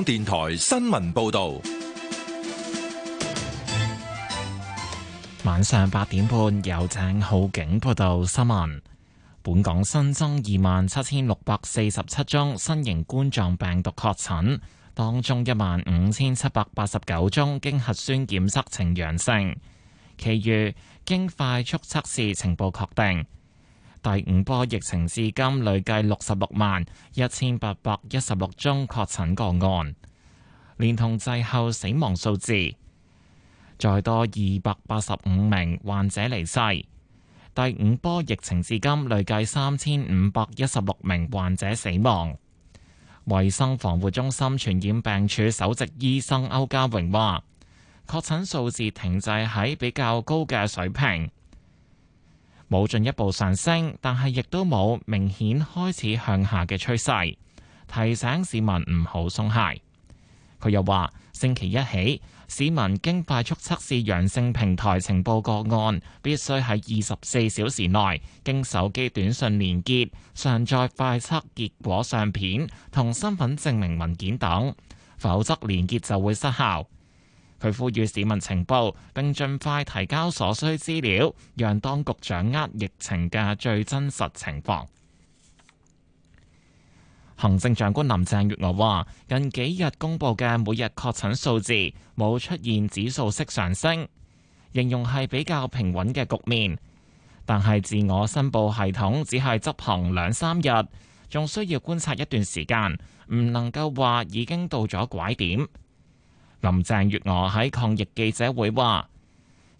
港電台新聞報道，晚上八點半有請鄭浩景報道新聞。本港新增二萬七千六百四十七宗新型冠狀病毒確診，當中一萬五千七百八十九宗經核酸檢測呈陽性，其餘經快速測試情報確定。第五波疫情至今累計六十六萬一千八百一十六宗確診個案，連同滯後死亡數字，再多二百八十五名患者離世。第五波疫情至今累計三千五百一十六名患者死亡。衛生防護中心傳染病處首席醫生歐家榮話，確診數字停滯喺比較高嘅水平。冇進一步上升，但係亦都冇明顯開始向下嘅趨勢，提醒市民唔好鬆懈。佢又話：星期一起，市民經快速測試陽性平台呈報個案，必須喺二十四小時內經手機短信連結上載快測結果相片同身份證明文件等，否則連結就會失效。佢呼籲市民情報，並盡快提交所需資料，讓當局掌握疫情嘅最真實情況。行政長官林鄭月娥話：近幾日公布嘅每日確診數字冇出現指數式上升，形容係比較平穩嘅局面。但係自我申報系統只係執行兩三日，仲需要觀察一段時間，唔能夠話已經到咗拐點。林鄭月娥喺抗疫記者會話：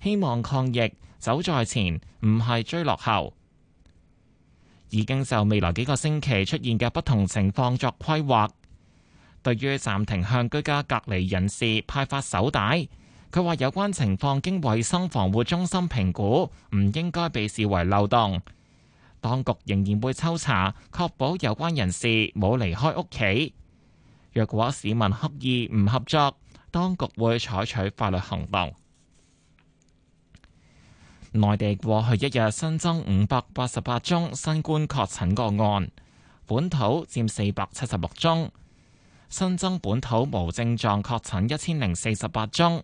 希望抗疫走在前，唔係追落後。已經就未來幾個星期出現嘅不同情況作規劃。對於暫停向居家隔離人士派發手帶，佢話有關情況經衞生防護中心評估，唔應該被視為漏洞。當局仍然會抽查，確保有關人士冇離開屋企。若果市民刻意唔合作，當局會採取法律行動。內地過去一日新增五百八十八宗新冠確診個案，本土佔四百七十六宗，新增本土無症狀確診一千零四十八宗。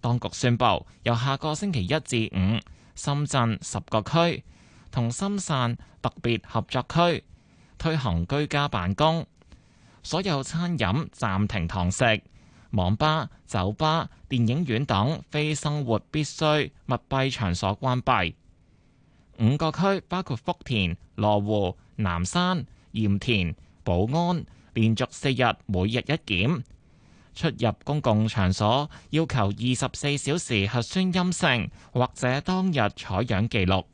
當局宣布，由下個星期一至五，深圳十個區同深汕特別合作區推行居家辦公，所有餐飲暫停堂食。網吧、酒吧、電影院等非生活必需密閉場所關閉。五個區包括福田、羅湖、南山、鹽田、寶安，連續四日每日一檢。出入公共場所要求二十四小時核酸陰性或者當日採樣記錄。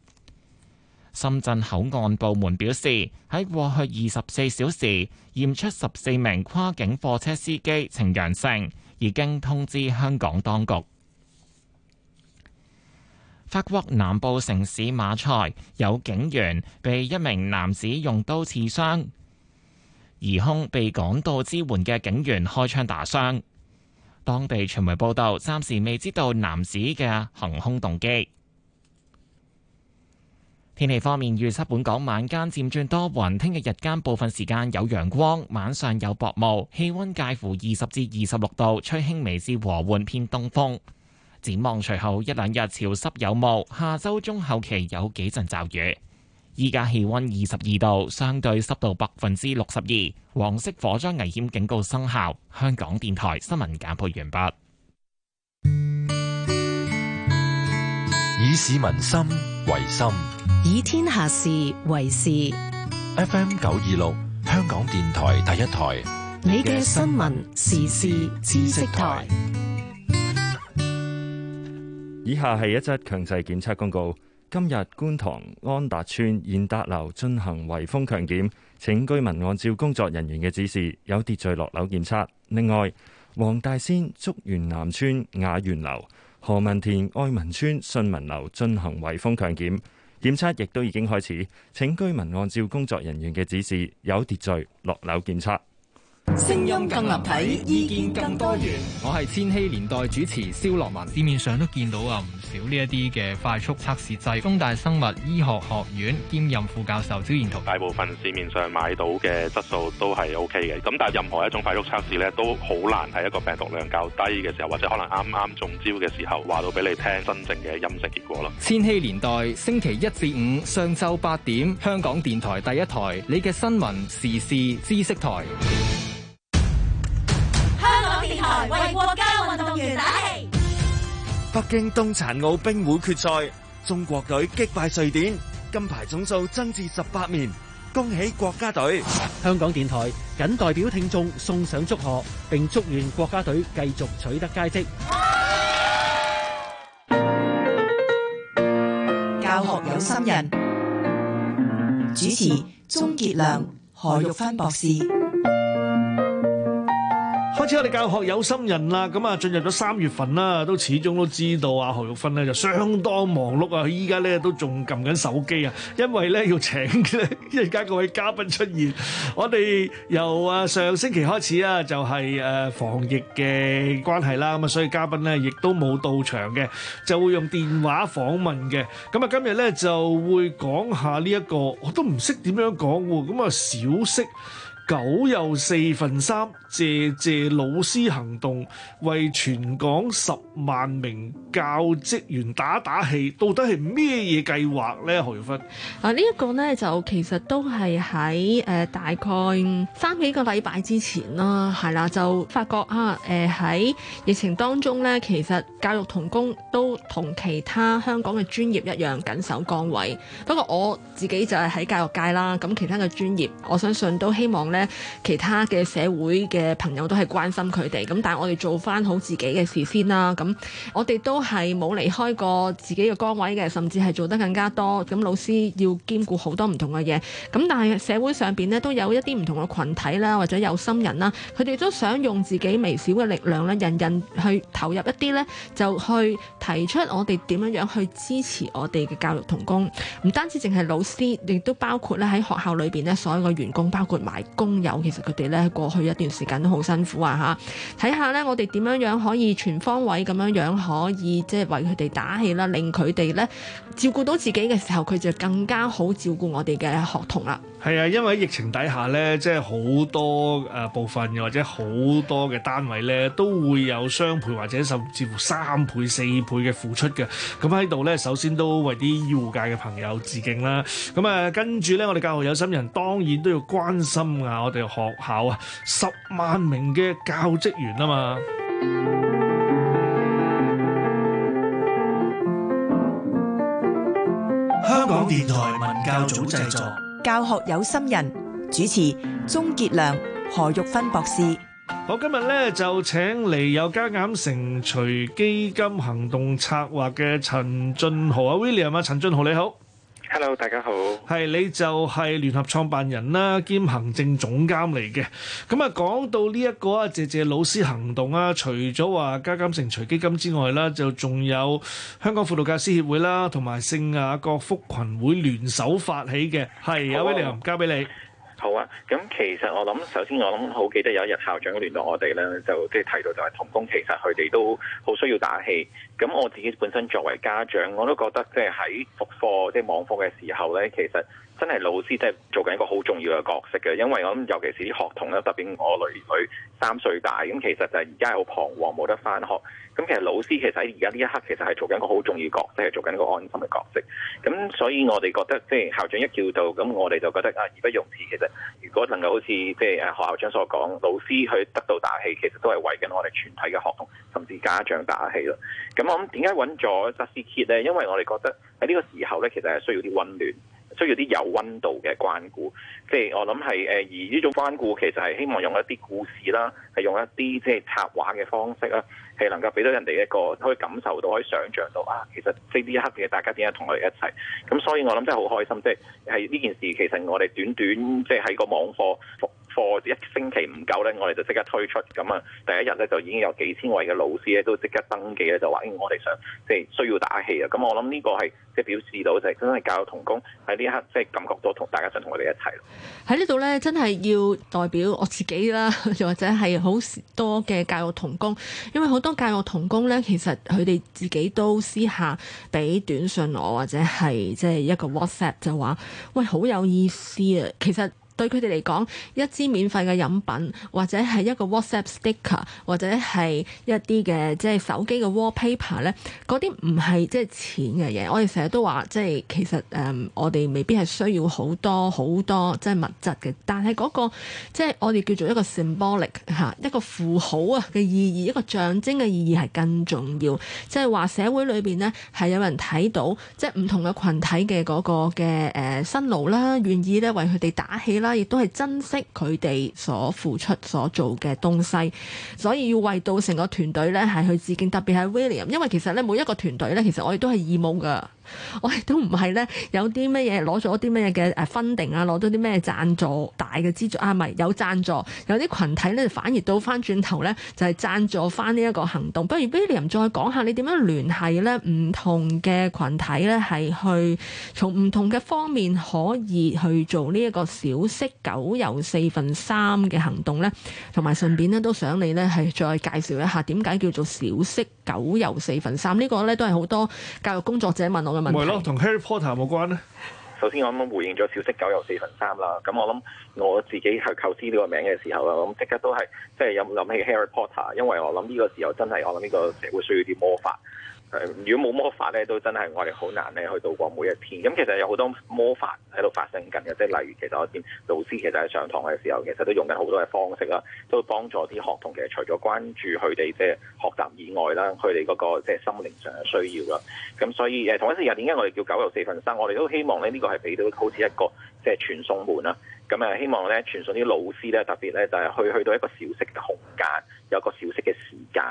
深圳口岸部門表示，喺過去二十四小時驗出十四名跨境貨車司機呈陽性，已經通知香港當局。法國南部城市馬賽有警員被一名男子用刀刺傷，疑兇被趕到支援嘅警員開槍打傷。當地傳媒報道，暫時未知道男子嘅行兇動機。天氣方面，預測本港晚間漸轉多雲，聽日日間部分時間有陽光，晚上有薄霧，氣溫介乎二十至二十六度，吹輕微至和緩偏東風。展望隨後一兩日潮濕有霧，下周中後期有幾陣驟雨。依家氣溫二十二度，相對濕度百分之六十二，黃色火災危險警告生效。香港電台新聞簡報完畢。以市民心為心。以天下事為事。F. M. 九二六，香港電台第一台，你嘅新聞時事知識台。以下係一則強制檢測公告。今日觀塘安達村燕達樓進行圍封強檢，請居民按照工作人員嘅指示有秩序落樓檢測。另外，黃大仙竹園南村雅園樓、何文田愛民村信民樓進行圍封強檢。檢測亦都已經開始，請居民按照工作人員嘅指示，有秩序落樓檢測。聲音更立體，意見更多元。我係千禧年代主持肖樂文。市面上都見到啊，唔少呢一啲嘅快速測試劑。中大生物醫學學院兼任副教授招彥燾大部分市面上買到嘅質素都係 O K 嘅。咁但係任何一種快速測試呢，都好難喺一個病毒量較低嘅時候，或者可能啱啱中招嘅時候，話到俾你聽真正嘅陰性結果咯。千禧年代星期一至五上晝八點，香港電台第一台，你嘅新聞時事知識台。電台為國家運動員打氣。北京冬殘奧冰壺決賽，中國隊擊敗瑞典，金牌總數增至十八面。恭喜國家隊。香港電台謹代表聽眾送上祝賀，並祝願國家隊繼續取得佳績。教學有心人，主持鍾傑良、何玉芬博士 開始我哋教學有心人啦，咁啊進入咗三月份啦，都始終都知道啊何玉芬咧就相當忙碌啊！依家咧都仲撳緊手機啊，因為咧要請咧而家各位嘉賓出現。我哋由啊上星期開始啊，就係誒防疫嘅關係啦，咁啊所以嘉賓咧亦都冇到場嘅，就會用電話訪問嘅。咁啊今日咧就會講下呢一個我都唔識點樣講喎，咁啊小息九又四分三，謝謝老師行動，為全港十萬名教職員打打氣。到底係咩嘢計劃咧？何玉芬啊，這個，呢一個咧就其實都係喺誒大概三幾個禮拜之前啦，係啦，就發覺啊誒喺、呃、疫情當中咧，其實教育同工都同其他香港嘅專業一樣緊守崗位。不過我自己就係喺教育界啦，咁其他嘅專業我相信都希望咧。其他嘅社會嘅朋友都係關心佢哋，咁但係我哋做翻好自己嘅事先啦。咁我哋都係冇離開過自己嘅崗位嘅，甚至係做得更加多。咁老師要兼顧好多唔同嘅嘢，咁但係社會上邊呢，都有一啲唔同嘅群體啦，或者有心人啦，佢哋都想用自己微小嘅力量咧，人人去投入一啲呢，就去提出我哋點樣樣去支持我哋嘅教育同工，唔單止淨係老師，亦都包括咧喺學校裏邊呢，所有嘅員工，包括埋工。有，其實佢哋咧過去一段時間都好辛苦啊！吓，睇下咧，我哋點樣樣可以全方位咁樣樣，可以即係、就是、為佢哋打氣啦，令佢哋咧照顧到自己嘅時候，佢就更加好照顧我哋嘅學童啦。係啊，因為疫情底下咧，即係好多誒部分，又或者好多嘅單位咧，都會有雙倍或者甚至乎三倍、四倍嘅付出嘅。咁喺度咧，首先都為啲醫護界嘅朋友致敬啦。咁啊，跟住咧，我哋教育有心人當然都要關心啊，我哋學校啊，十萬名嘅教職員啊嘛。香港電台文教組製作。教學有心人，主持鍾傑良、何玉芬博士，我今日咧就請嚟有加減乘除基金行動策劃嘅陳俊濠啊，William 啊，陳俊濠你好。hello，大家好，係你就係聯合創辦人啦，兼行政總監嚟嘅。咁、嗯、啊，講到呢、這、一個啊，謝謝老師行動啊，除咗話加減乘除基金之外啦，就仲有香港輔導教師協會啦，同埋聖雅各福群會聯手發起嘅。係阿好 William，交俾你。好啊，咁其實我諗，首先我諗好記得有一日校長聯絡我哋咧，就即係提到就係同工，其實佢哋都好需要打氣。咁我自己本身作為家長，我都覺得即係喺復課、即係網課嘅時候咧，其實，真係老師，真係做緊一個好重要嘅角色嘅，因為我諗，尤其是啲學童咧，特別我女女三歲大，咁其實就係而家係好彷徨，冇得返學。咁其實老師其實喺而家呢一刻，其實係做緊一個好重要角色，係做緊一個安心嘅角色。咁所以我哋覺得，即係校長一叫到，咁我哋就覺得啊，義不容辭。其實如果能夠好似即係啊校長所講，老師去得到打氣，其實都係為緊我哋全體嘅學童，甚至家長打氣咯。咁我諗點解揾咗薩斯傑咧？因為我哋覺得喺呢個時候咧，其實係需要啲溫暖。需要啲有温度嘅關顧，即係我諗係誒，而呢種關顧其實係希望用一啲故事啦，係用一啲即係插畫嘅方式啦，係能夠俾到人哋一個可以感受到、可以想像到啊，其實即係呢一刻嘅大家點解同我哋一齊？咁所以我諗真係好開心，即係係呢件事其實我哋短短即係喺個網課。個一星期唔夠咧，我哋就即刻推出咁啊！第一日咧就已經有幾千位嘅老師咧都即刻登記咧，就話，我哋想即係需要打氣啊！咁我諗呢個係即係表示到就係真係教育同工喺呢一刻即係感覺到同大家想同我哋一齊咯。喺呢度咧，真係要代表我自己啦，又或者係好多嘅教育同工，因為好多教育同工咧，其實佢哋自己都私下俾短信我，或者係即係一個 WhatsApp 就話，喂，好有意思啊！其實。對佢哋嚟講，一支免費嘅飲品，或者係一個 WhatsApp sticker，或者係一啲嘅即係手機嘅 wallpaper 咧，嗰啲唔係即係錢嘅嘢。我哋成日都話，即係其實誒、嗯，我哋未必係需要好多好多即係物質嘅，但係嗰、那個即係我哋叫做一個 symbolic 嚇一個符號啊嘅意義，一個象徵嘅意義係更重要。即係話社會裏邊咧係有人睇到，即係唔同嘅群體嘅嗰、那個嘅誒、呃、辛勞啦，願意咧為佢哋打氣啦。亦都係珍惜佢哋所付出、所做嘅東西，所以要為到成個團隊咧，係去致敬，特別係 William，因為其實咧，每一個團隊咧，其實我亦都係義務噶。我哋都唔係咧，有啲乜嘢攞咗啲乜嘢嘅誒分定啊，攞咗啲咩贊助大嘅資助啊，唔係有贊助，有啲群體咧，反而到翻轉頭咧，就係贊助翻呢一個行動。不如 William 再講下你點樣聯繫咧，唔同嘅群體咧係去從唔同嘅方面可以去做呢一個小息九又四分三嘅行動咧，同埋順便咧都想你咧係再介紹一下點解叫做小息九又四分三呢個咧，都係好多教育工作者問我。唔係咯，同 Harry Potter 有冇關咧？首先我啱啱回應咗小息九有四分三啦，咁我諗我自己去構思呢個名嘅時候啦，咁即刻都係即係有冇諗起 Harry Potter？因為我諗呢個時候真係我諗呢個社會需要啲魔法。如果冇魔法咧，都真係我哋好難咧去度過每一天。咁、嗯、其實有好多魔法喺度發生緊嘅，即係例如其實我啲老師其實喺上堂嘅時候，其實都用緊好多嘅方式啦，都幫助啲學童其實除咗關注佢哋即係學習以外啦，佢哋嗰個即係心靈上嘅需要啦。咁所以誒，同一時間，因為我哋叫九又四分三，我哋都希望咧呢、這個係俾到好似一個即係、就是、傳送門啦。咁啊，希望咧傳送啲老師咧，特別咧就係、是、去去到一個小息嘅空間。有個小息嘅時間，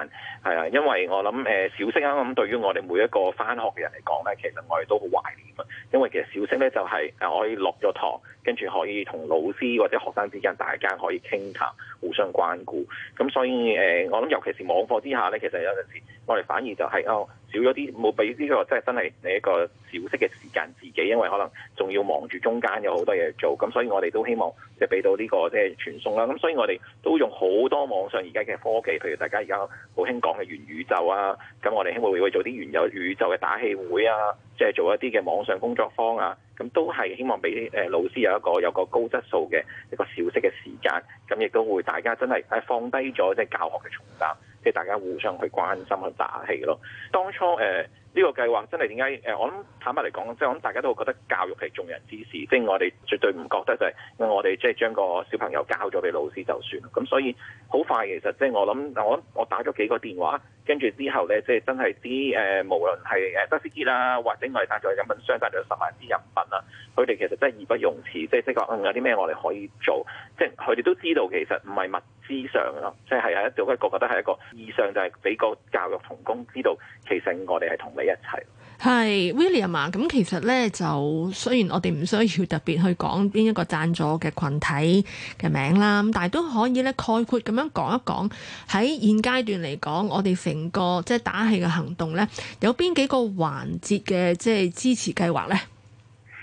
係啊，因為我諗誒、呃、小息啊，咁對於我哋每一個返學嘅人嚟講咧，其實我哋都好懷念啊。因為其實小息咧就係、是、誒可以落咗堂，跟住可以同老師或者學生之間大家可以傾談，談，互相關顧。咁所以誒、呃，我諗尤其是網課之下咧，其實有陣時我哋反而就係、是、啊。哦少咗啲冇俾呢個，即係真係你一個小息嘅時間自己，因為可能仲要忙住中間有好多嘢做，咁所以我哋都希望即係俾到呢個即係傳送啦。咁所以我哋都用好多網上而家嘅科技，譬如大家而家好興講嘅元宇宙啊，咁我哋希望會會做啲元宇宙嘅打氣會啊，即係做一啲嘅網上工作坊啊，咁都係希望俾誒老師有一個有一個高質素嘅一個小息嘅時間，咁亦都會大家真係係放低咗即係教學嘅重擔。即係大家互相去關心、去打氣咯。當初誒。呃呢個計劃真係點解？誒，我諗坦白嚟講，即係我諗大家都會覺得教育係眾人之事，即係我哋絕對唔覺得就係我哋即係將個小朋友交咗俾老師就算咁，所以好快其實即係我諗，我我打咗幾個電話，跟住之後咧，即係真係知，誒，無論係誒德斯傑啊，或者我哋帶咗飲品商帶咗十萬啲飲品啊，佢哋其實真係義不容辭，即係即係話有啲咩我哋可以做，即係佢哋都知道其實唔係物資上咯，即係係一個覺得係一個意上就係俾個教育同工知道，其實我哋係同。係一齊。係 William 啊，咁其實咧就，雖然我哋唔需要特別去講邊一個贊助嘅群體嘅名啦，但係都可以咧概括咁樣講一講。喺現階段嚟講，我哋成個即係打氣嘅行動咧，有邊幾個環節嘅即係支持計劃咧？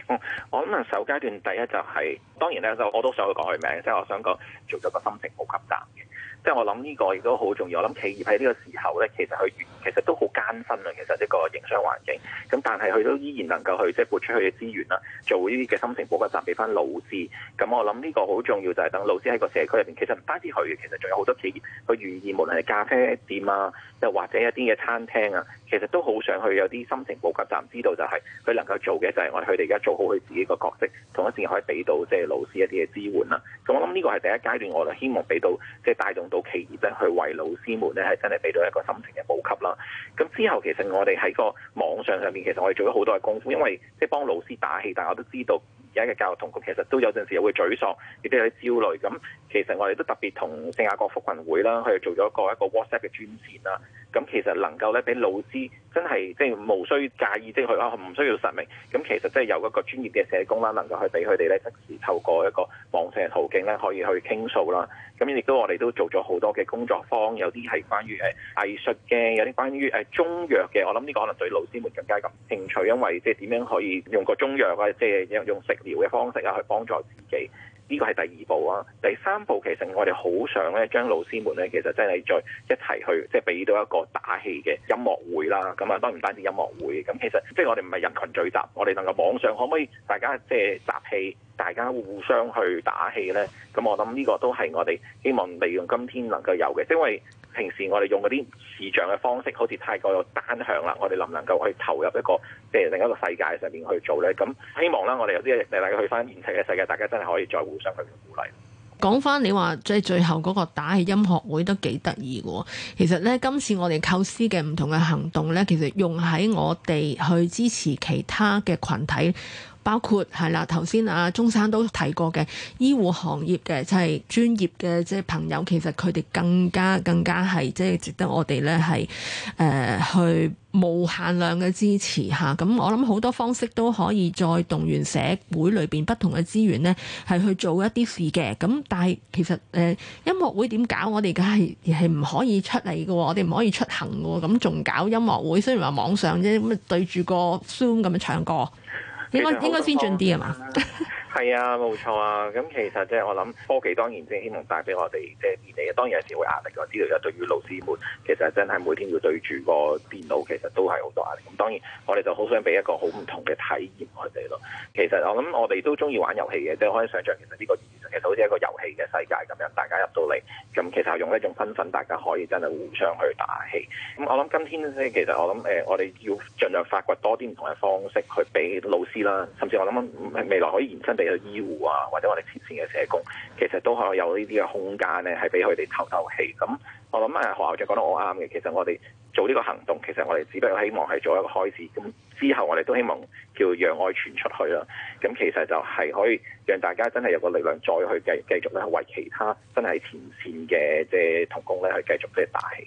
哦、嗯，我諗首階段第一就係、是，當然咧，我都想改名，即係我想講做咗個心情好急贊嘅。即係我諗呢個亦都好重要，我諗企業喺呢個時候咧，其實佢其實都好艱辛啊，其實一個營商環境。咁但係佢都依然能夠去即係、就是、撥出去嘅資源啦，做呢啲嘅心情補給站俾翻老師。咁我諗呢個好重要就係、是、等老師喺個社區入邊，其實唔單止佢，其實仲有好多企業，佢願意無論係咖啡店啊，又或者一啲嘅餐廳啊，其實都好想去有啲心情補給站。知道就係佢能夠做嘅就係、是、我哋佢哋而家做好佢自己個角色，同一時可以俾到即係老師一啲嘅支援啦。咁我諗呢個係第一階段，我哋希望俾到即係、就是、帶動到。企業咧去為老師們咧係真係俾到一個心情嘅補給啦，咁之後其實我哋喺個網上上面，其實我哋做咗好多嘅功夫，因為即係幫老師打氣，大家都知道而家嘅教育同工其實都有陣時會沮喪，亦都有焦慮。咁其實我哋都特別同聖雅各福群會啦，去做咗一個一個 WhatsApp 嘅專線啦。咁其實能夠咧，俾老師真係，即係無需介意，即係佢啊，唔需要實名。咁其實即係由一個專業嘅社工啦，能夠去俾佢哋咧，即時透過一個網上嘅途徑咧，可以去傾訴啦。咁、嗯、亦都我哋都做咗好多嘅工作坊，有啲係關於誒藝術嘅，有啲關於誒中藥嘅。我諗呢個可能對老師們更加感興趣，因為即係點樣可以用個中藥啊，即係用食療嘅方式啊，去幫助自己。呢個係第二步啦、啊。第三步其實我哋好想咧，將老師們咧，其實真係再一齊去，即係俾到一個打氣嘅音樂會啦。咁、嗯、啊，當然唔單止音樂會，咁、嗯、其實即係我哋唔係人群聚集，我哋能夠網上可唔可以大家即係集氣，大家互相去打氣咧？咁、嗯、我諗呢個都係我哋希望利用今天能夠有嘅，因為。平時我哋用嗰啲視像嘅方式，好似太過有單向啦。我哋能唔能夠去投入一個即係另一個世界上面去做呢？咁希望啦，我哋有啲嘢令大家去翻現實嘅世界，大家真係可以再互相去鼓勵。講翻你話即係最後嗰個打氣音樂會都幾得意嘅。其實呢，今次我哋構思嘅唔同嘅行動呢，其實用喺我哋去支持其他嘅群體。包括係啦，頭先啊鍾生都提過嘅醫護行業嘅即係專業嘅即係朋友，其實佢哋更加更加係即係值得我哋咧係誒去無限量嘅支持吓。咁、啊、我諗好多方式都可以再動員社會裏邊不同嘅資源咧，係去做一啲事嘅。咁、啊、但係其實誒、呃、音樂會點搞？我哋梗係係唔可以出嚟嘅，我哋唔可以出行嘅。咁、啊、仲搞音樂會？雖然話網上啫，咁對住個 Zoom 咁樣唱歌。應該應該先進啲啊嘛？ 係啊，冇錯啊。咁其實即係我諗，科技當然即係能帶俾我哋即係便利啊。當然有時會壓力㗎，我知道對於老師們，其實真係每天要對住個電腦，其實都係好多壓力。咁當然，我哋就好想俾一個好唔同嘅體驗我哋咯。其實我諗，我哋都中意玩遊戲嘅，即係可以想像，其實呢個現實其實好似一個遊戲嘅世界咁樣，大家入到嚟咁，其實用一種身份，大家可以真係互相去打氣。咁我諗今天咧、就是，其實我諗誒、呃，我哋要盡量發掘多啲唔同嘅方式去俾老師啦，甚至我諗未來可以延伸嘅醫護啊，或者我哋前線嘅社工，其實都可以有呢啲嘅空間咧，係俾佢哋透透氣。咁我諗啊，何校長講得我啱嘅。其實我哋做呢個行動，其實我哋只不過希望係做一個開始。咁之後我哋都希望叫讓愛傳出去啦。咁其實就係可以讓大家真係有個力量，再去繼繼續咧為其他真係前線嘅即係同工咧去繼續即係打氣。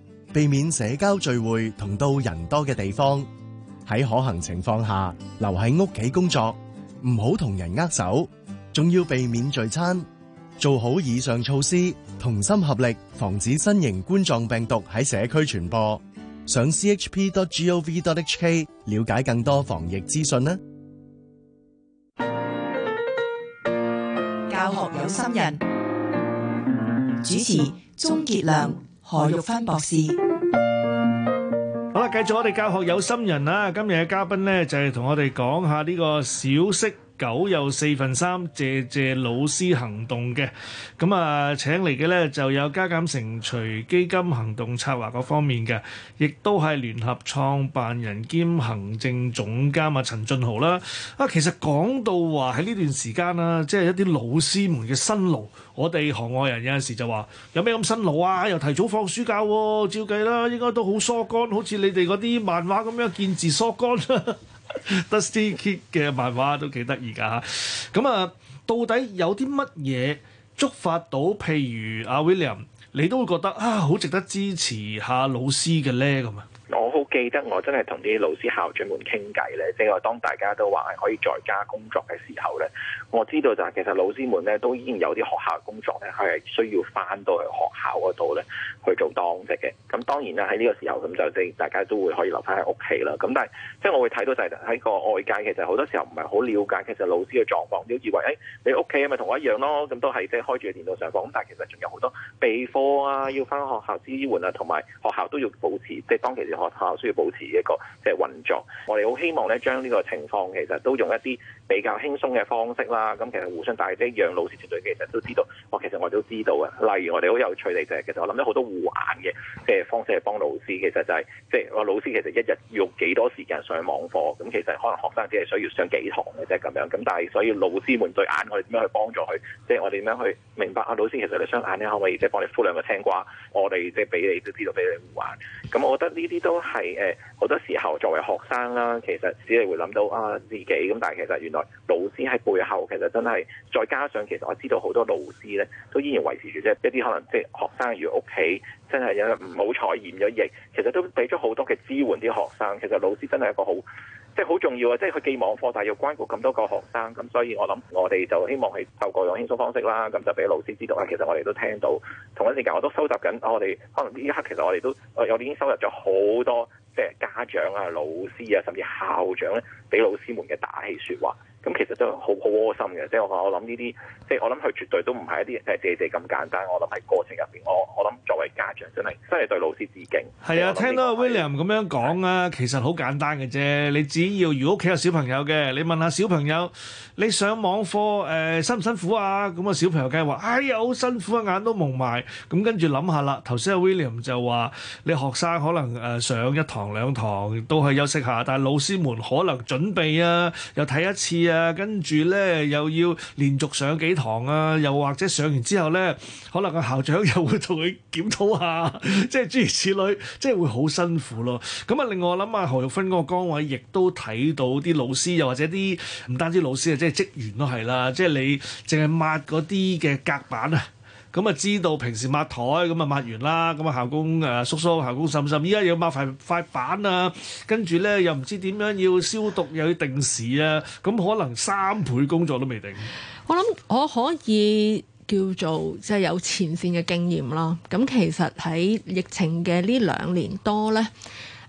避免社交聚會同到人多嘅地方，喺可行情況下留喺屋企工作，唔好同人握手，仲要避免聚餐。做好以上措施，同心合力，防止新型冠狀病毒喺社區傳播。上 c h p dot g o v dot h k 了解更多防疫資訊啦。教學有心人，主持鍾傑良。終何玉芬博士，好啦，繼續我哋教學有心人啦，啊。今日嘅嘉賓咧，就係、是、同我哋講下呢個小息。九又四分三，謝謝老師行動嘅，咁啊請嚟嘅呢就有加減乘除基金行動策劃嗰方面嘅，亦都係聯合創辦人兼行政總監啊陳俊濠啦。啊，其實講到話喺呢段時間啊，即係一啲老師們嘅辛勞，我哋行外人有陣時就話有咩咁辛勞啊？又提早放暑假喎，照計啦，應該都好疏肝，好似你哋嗰啲漫畫咁樣見字疏肝。 《Dusty Kid》嘅漫畫都幾得意㗎，咁啊，到底有啲乜嘢觸發到，譬如阿 William，你都會覺得啊，好值得支持下老師嘅咧，咁啊。 記得我真係同啲老師校長們傾偈咧，即係當大家都話係可以在家工作嘅時候咧，我知道就係其實老師們咧都已經有啲學校工作咧係需要翻到去學校嗰度咧去做當值嘅。咁當然啦，喺呢個時候咁就即大家都會可以留翻喺屋企啦。咁但係即係我會睇到就係喺個外界其實好多時候唔係好了解其實老師嘅狀況，都以為誒、哎、你屋企咪同我一樣咯，咁都係即係開住電腦上課。咁但係其實仲有好多備課啊，要翻學校支援啊，同埋學校都要保持即係當其時學校。需要保持一個即係運作，我哋好希望咧將呢個情況其實都用一啲比較輕鬆嘅方式啦，咁、嗯、其實互相大，但係即係養老師團隊其實都知道，我、哦、其實我哋都知道嘅。例如我哋好有趣嘅就係、是、其實我諗咗好多護眼嘅，即係方式去幫老師，其實就係、是、即係我、哦、老師其實一日用幾多時間上網課，咁、嗯、其實可能學生只係需要上幾堂嘅啫咁樣，咁但係所以老師們對眼我哋點樣去幫助佢，即係我哋點樣去明白啊老師其實你雙眼咧可唔可以即係幫你敷兩個青瓜？我哋即係俾你都知道俾你護眼。咁、嗯、我覺得呢啲都係誒好多時候作為學生啦，其實只係會諗到啊自己，咁但係其實原來。老師喺背後其實真係，再加上其實我知道好多老師呢都依然維持住即係一啲可能即係學生如果屋企真係有唔好彩染咗疫，其實都俾咗好多嘅支援啲學生。其實老師真係一個好即係好重要啊！即係佢既網課，但係要關顧咁多個學生，咁所以我諗我哋就希望係透過用輕鬆方式啦，咁就俾老師知道啦。其實我哋都聽到，同一時間我都收集緊，我哋可能呢一刻其實我哋都我有啲已經收集咗好多。家長啊、老師啊，甚至校長咧，俾老師們嘅打氣說話。咁其實都好好窩心嘅，即係我我諗呢啲，即係我諗佢絕對都唔係一啲嘢係地地咁簡單。我諗喺過程入邊，我我諗作為家長真係真係對老師致敬。係啊，聽到 William 咁樣講啊，其實好簡單嘅啫。你只要如果屋企有小朋友嘅，你問下小朋友，你上網課誒辛唔辛苦啊？咁啊小朋友梗係話，哎呀好辛苦啊，眼都矇埋。咁跟住諗下啦，頭先阿 William 就話，你學生可能誒上一堂兩堂都係休息下，但係老師們可能準備啊，又睇一次。啊，跟住咧又要連續上幾堂啊，又或者上完之後咧，可能個校長又會同佢檢討下，即係諸如此類，即係會好辛苦咯。咁啊，另外我諗下，何玉芬嗰個崗位亦都睇到啲老師，又或者啲唔單止老師啊，即係職員都係啦，即係你淨係抹嗰啲嘅隔板啊。咁啊、嗯，知道平時抹台咁啊，抹、嗯、完啦，咁啊校工誒叔、叔，校工嬸嬸，依、呃、家要抹塊塊板啊，跟住咧又唔知點樣要消毒，又要定時啊，咁、嗯、可能三倍工作都未定。我諗我可以叫做即係、就是、有前線嘅經驗啦。咁其實喺疫情嘅呢兩年多咧。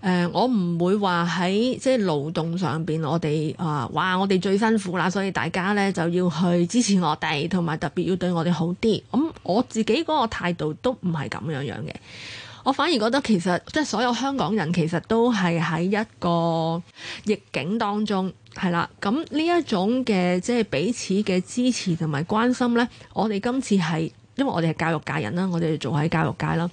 誒、呃，我唔會話喺即係勞動上邊，我哋啊，哇！我哋最辛苦啦，所以大家咧就要去支持我哋，同埋特別要對我哋好啲。咁、嗯、我自己嗰個態度都唔係咁樣樣嘅，我反而覺得其實即係所有香港人其實都係喺一個逆境當中係啦。咁呢一種嘅即係彼此嘅支持同埋關心呢，我哋今次係。因為我哋係教育界人啦，我哋做喺教育界啦。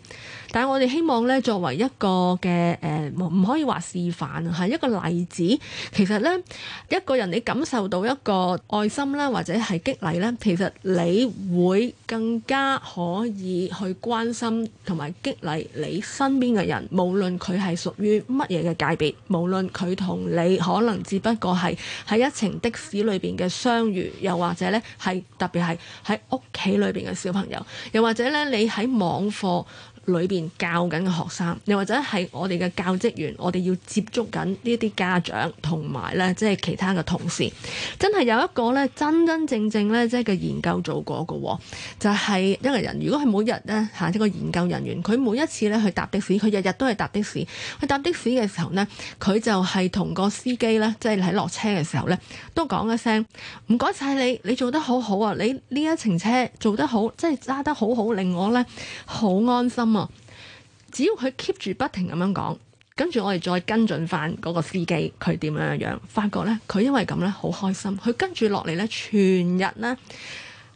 但係我哋希望咧，作為一個嘅誒，唔可以話示範，係一個例子。其實咧，一個人你感受到一個愛心啦，或者係激勵咧，其實你會更加可以去關心同埋激勵你身邊嘅人，無論佢係屬於乜嘢嘅界別，無論佢同你可能只不過係喺一程的士裏邊嘅相遇，又或者咧係特別係喺屋企裏邊嘅小朋友。又或者咧，你喺網課裏邊教緊嘅學生，又或者係我哋嘅教職員，我哋要接觸緊呢啲家長同埋咧，即係其他嘅同事，真係有一個咧，真真正正咧，即係嘅研究做過嘅，就係一個人，如果係每日咧嚇一個研究人員，佢每一次咧去搭的士，佢日日都係搭的士，佢搭的士嘅時候呢，佢就係同個司機咧，即係喺落車嘅時候咧，都講一聲唔該晒你，你做得好好啊，你呢一程車做得好，即係揸得好好，令我咧好安心。咁只要佢 keep 住不停咁樣講，跟住我哋再跟進翻嗰個司機，佢點樣樣？發覺咧，佢因為咁咧，好開心。佢跟住落嚟咧，全日咧，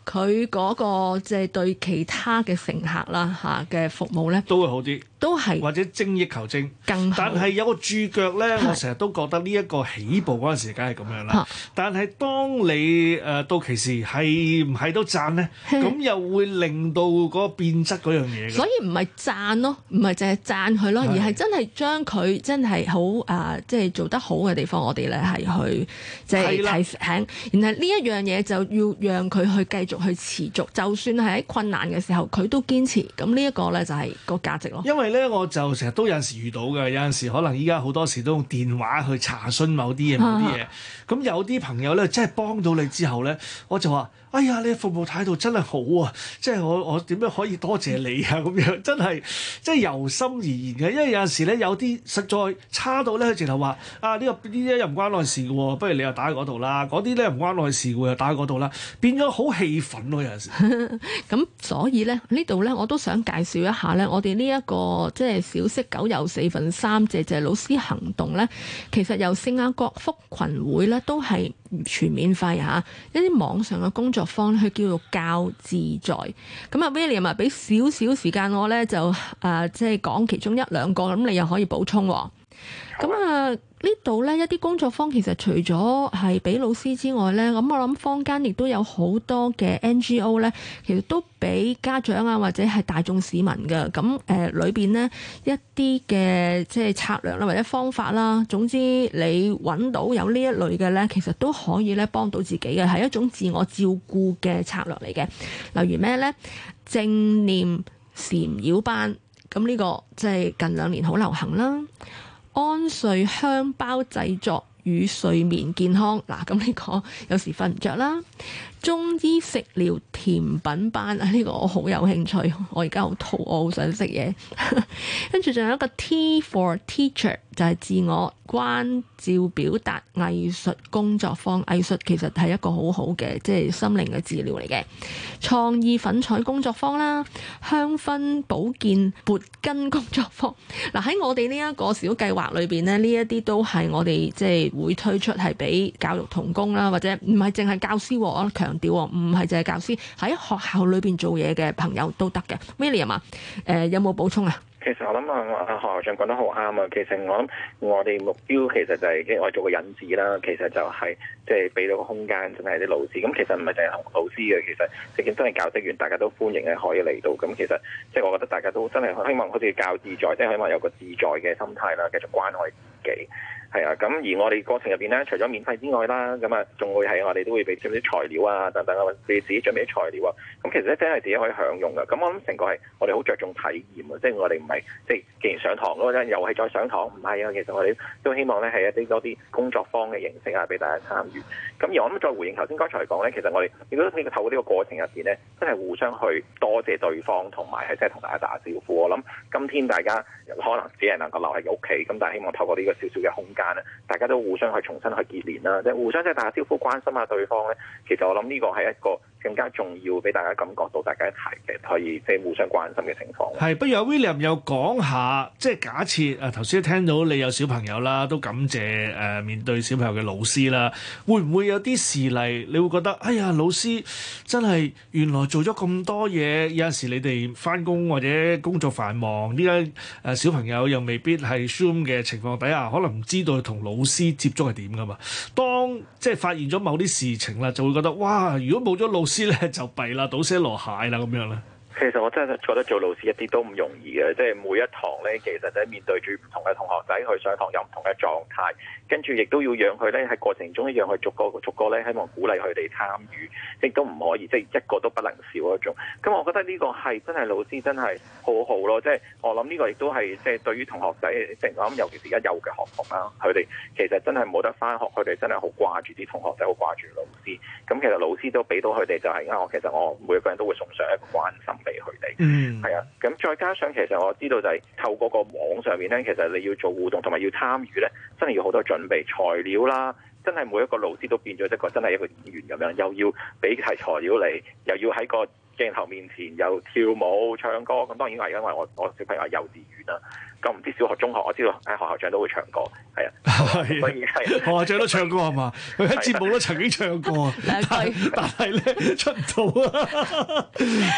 佢嗰個即係對其他嘅乘客啦吓嘅服務咧，都會好啲。都係或者精益求精，但係有個注腳咧，是我成日都覺得呢一個起步嗰陣時，梗係咁樣啦。但係當你誒、呃、到其時係唔係都讚咧？咁是又會令到嗰變質嗰樣嘢。所以唔係讚咯，唔係淨係讚佢咯，是而係真係將佢真係好誒，即、呃、係、就是、做得好嘅地方，我哋咧係去即係提醒。的然後呢一樣嘢就要讓佢去繼續去持續，就算係喺困難嘅時候，佢都堅持。咁呢一、就是、個咧就係個價值咯。因為咧我就成日都有陣時遇到嘅，有陣時可能依家好多時都用電話去查詢某啲嘢，某啲嘢。咁有啲朋友咧，真係幫到你之後咧，我就話。哎呀，你服務態度真係好啊！即係我我點樣可以多謝你啊？咁樣真係即係由心而言嘅，因為有陣時咧有啲實在差到咧，佢直頭話啊呢、這個呢啲又唔關我事嘅喎，不如你又打喺嗰度啦。嗰啲咧唔關我事嘅又打喺嗰度啦，變咗好氣憤咯有陣時。咁、 嗯、所以咧呢度咧我都想介紹一下咧，我哋呢一個即係小息九又四分三謝謝老師行動咧，其實由聖亞國福群會咧都係。全免費嚇、啊，一啲網上嘅工作坊佢叫做教自在。咁啊，William 啊，俾少少時間我咧，就誒、呃、即係講其中一兩個，咁你又可以補充喎。咁啊，嗯、呢度呢一啲工作坊，其實除咗係俾老師之外呢，咁我諗坊間亦都有好多嘅 NGO 呢，其實都俾家長啊或者係大眾市民嘅。咁誒，裏邊呢一啲嘅即係策略啦或者方法啦，總之你搵到有呢一類嘅呢，其實都可以呢幫到自己嘅，係一種自我照顧嘅策略嚟嘅。例如咩呢？正念禪繞班，咁呢、這個即係近兩年好流行啦。安睡香包製作與睡眠健康，嗱咁你講有時瞓唔着啦。中醫食療甜品班啊，呢個我好有興趣，我而家好肚餓，我好想食嘢。跟住仲有一個 Tea for Teacher，就係自我關照表達藝術工作坊。藝術其實係一個好好嘅，即係心靈嘅治療嚟嘅。創意粉彩工作坊啦，香薰保健撥筋工作坊。嗱喺我哋呢一個小計劃裏邊呢，呢一啲都係我哋即係會推出係俾教育同工啦，或者唔係淨係教師和強。唔係淨係教師喺學校裏邊做嘢嘅朋友都得嘅 William 啊嘛，誒有冇補充啊？其實我諗啊，阿何校長講得好啱啊。其實我諗我哋目標其實就係即係我做個引子啦。其實就係即係俾到個空間，真係啲老師。咁其實唔係淨係老師嘅，其實正竟真係教職員，大家都歡迎嘅可以嚟到。咁其實即係我覺得大家都真係希望好似教自在，即係希望有個自在嘅心態啦，繼續關愛自己。係啊，咁而我哋過程入邊咧，除咗免費之外啦，咁啊，仲會係我哋都會俾少少材料啊，等等啊，你自，自己準備啲材料啊。咁其實咧真係自己可以享用嘅。咁我諗成個係我哋好着重體驗啊，即係我哋唔係即係既然上堂嗰陣又係再上堂，唔係啊。其實我哋都希望咧係一啲多啲工作坊嘅形式啊，俾大家參與。咁而我諗再回應頭先剛才講咧，其實我哋亦都如果透過呢個過程入邊咧，真係互相去多謝對方，同埋係真係同大家打招呼。我諗今天大家。可能只係能夠留喺屋企，咁但係希望透過呢個少少嘅空間咧，大家都互相去重新去結連啦，即係互相即係打下招呼，關心下對方咧。其實我諗呢個係一個。更加重要俾大家感覺到大家一齊嘅，可以即係互相關心嘅情況。係不如阿 William 又講下，即係假設啊，頭先聽到你有小朋友啦，都感謝誒、呃、面對小朋友嘅老師啦。會唔會有啲事例，你會覺得哎呀，老師真係原來做咗咁多嘢，有陣時你哋翻工或者工作繁忙，呢一誒小朋友又未必係 Zoom 嘅情況底下，可能唔知道同老師接觸係點噶嘛。當即係發現咗某啲事情啦，就會覺得哇，如果冇咗老師，知咧就弊啦，倒瀉籮蟹啦咁樣啦。其實我真係覺得做老師一啲都唔容易嘅，即係每一堂咧，其實咧面對住唔同嘅同學仔去上堂，有唔同嘅狀態，跟住亦都要養佢咧喺過程中，一樣，佢逐個逐個咧，希望鼓勵佢哋參與，亦都唔可以，即係一個都不能少嗰種。咁我覺得呢個係真係老師真係好好咯，即係我諗呢個亦都係即係對於同學仔，即係我諗，尤其是而家有嘅學童啦，佢哋其實真係冇得返學，佢哋真係好掛住啲同學仔，好掛住老師。咁其實老師都俾到佢哋就係、是，因為我其實我每個人都會送上一個關心。俾佢哋，嗯、mm，係啊，咁再加上其實我知道就係透過個網上面咧，其實你要做互動同埋要參與咧，真係要好多準備材料啦，真係每一個老師都變咗一個，真係一個演員咁樣，又要俾齊材料嚟，又要喺個。鏡頭面前又跳舞唱歌，咁當然係因為我我小朋友幼稚園啦，咁唔知小學中學我知道喺學校長都會唱歌，係啊，係 學校長都唱歌係嘛？佢喺節目都曾經唱過啊， 但 但係咧出唔到啊。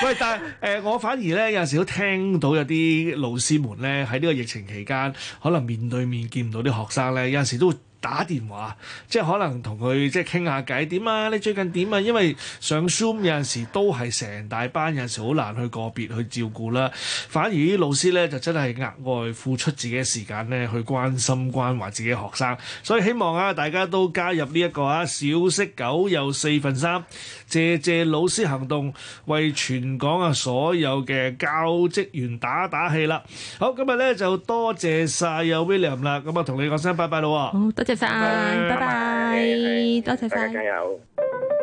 喂， 但、呃、誒我反而咧有陣時都聽到有啲老師們咧喺呢個疫情期間，可能面對面見唔到啲學生咧，有陣時都會，打電話，即係可能同佢即係傾下偈，點啊？你最近點啊？因為上 zoom 有陣時都係成大班，有陣時好難去個別去照顧啦。反而啲老師咧就真係額外付出自己嘅時間咧去關心關懷自己學生，所以希望啊大家都加入呢一個啊，小息九又四分三，謝謝老師行動，為全港啊所有嘅教職員打打氣啦。好，今日咧就多謝晒有 William 啦，咁啊同你講聲拜拜咯。好，多謝。嗯、拜拜，拜拜，多謝晒，加油。